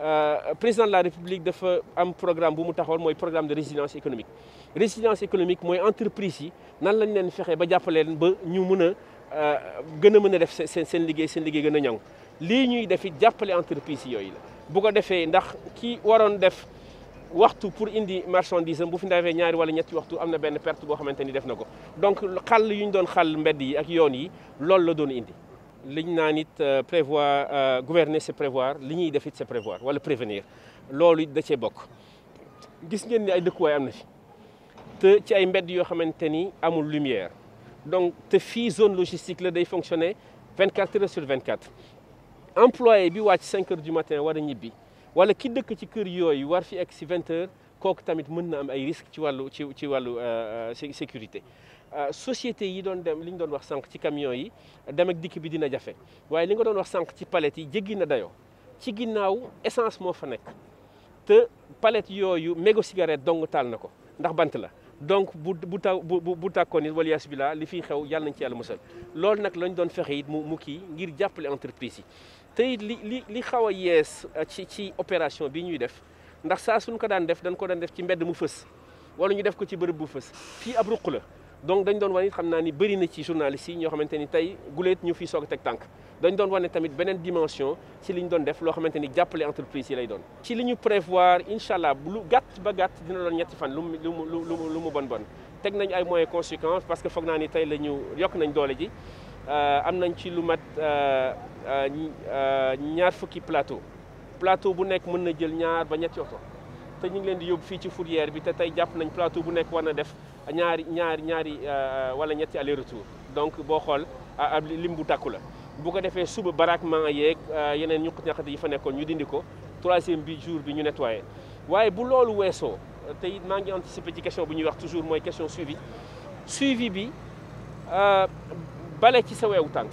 Euh, président de la république dafa am programme bu mu taxawal mooy programme de résilience économique résilience économique mooy entreprise yi nan lañ leen fexe ba jàppale leen ba ñu mën a euh, gën a mën a def seen seen liggéey seen liggéey gën a ñoŋ lii ñuy def it jàppale entreprise yooyu la bu ko defee ndax ki waroon def waxtu pour indi marchandise am bu fi ndawee ñaari wala ñetti waxtu am na benn perte boo xamante def na donc xàll yu ñu doon xàll mbedd yi ak yoon yi loolu la doon indi liñ naan it euh, prévoir euh, gouverner c'est prévoir li ñuy def c'est prévoir wala prévenir loolu it da cee bokk gis ngeen ni ay dëkkuwaay am na fi te ci ay mbedd yoo à mon amul lumière donc te fii zone logistique là, day fonctionner 24 heures sur 24 employé bi wàcc 5 heures du matin war a ñibbi wala ki dëkk ci kër tu war fi egg si 20 heures kooku tamit mën na am ay risques ci wàllu ci ci wàllu euh, euh, sécurité euh, société yi doon dem li ñu doon wax sànq ci camion yi dem ak dikk bi dina jafe waaye li nga doon wax sànq ci palette yi jéggi na dayo ci ginnaaw essence moo fa nekk te palette yooyu mégo cigarette dong taal na ko ndax bant la donc bu bu ta bu bu tàkkoon it wala bi laa li fi xew yàlla nañ ci yàlla musal loolu nag lañ doon fexe it mu mu kii ngir jàppale entreprise yi te it li li li xaw a yees ci ci opération bi ñuy def ndax saa suñ ko daan def dañ ko daan def ci mbedd mu fës wala ñu def ko ci bu la donc dañ doon wane ni bëri na ci journalistes yi ñoo xamante ni tey guleet ñu fi soog a teg tànk dañ doon wane tamit beneen dimension ci liñ doon def loo xamante ni jàppale entreprise yi lay doon ci li ñu prévoir incha allah lu gàtt ba gàtt dina doon ñetti fan lu lu lu lu mu bon bon nañ ay moyens parce que foog naa ni tey la nañ doole ji euh, am nañ ci lu mat euh, euh, ñaar fukki plateau plateau bu nek mën na jël ñaar ba ñetti auto té ñu ngi leen di yóbbu fi ci fourrière bi té tay japp nañ plateau bu nek wana def ñaari ñaari ñaari euh, wala ñetti aller retour donc bo xol ab lim bu takku la bu ko défé suba baraquement yeeg euh, yenen ñu ñaqat yi fa nekkoon ñu dindiko 3 troisième bi jour bi ñu nettoyer waye bu lolu wesso té it maa ngi anticiper ci question bu ñuy wax toujours moy question suivi suivi bi euh balé ci sa weewu tànk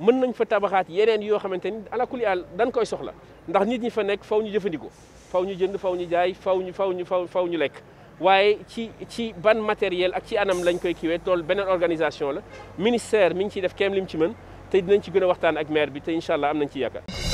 mën nañ fa tabaxaat yeneen yoo xamante ni ala kulli àll dañ koy soxla ndax nit ñi fa nekk faw ñu jëfandikoo faw ñu jënd faw ñu jaay faw ñu faw ñu faw ñu lekk waaye ci ci ban matériel ak ci anam lañ koy kiiwee tool beneen organisation la ministère mi ngi ciy def kem lim ci mën te dinañ ci gën a waxtaan ak maire bi te incha allah am nañ ci yaakaar.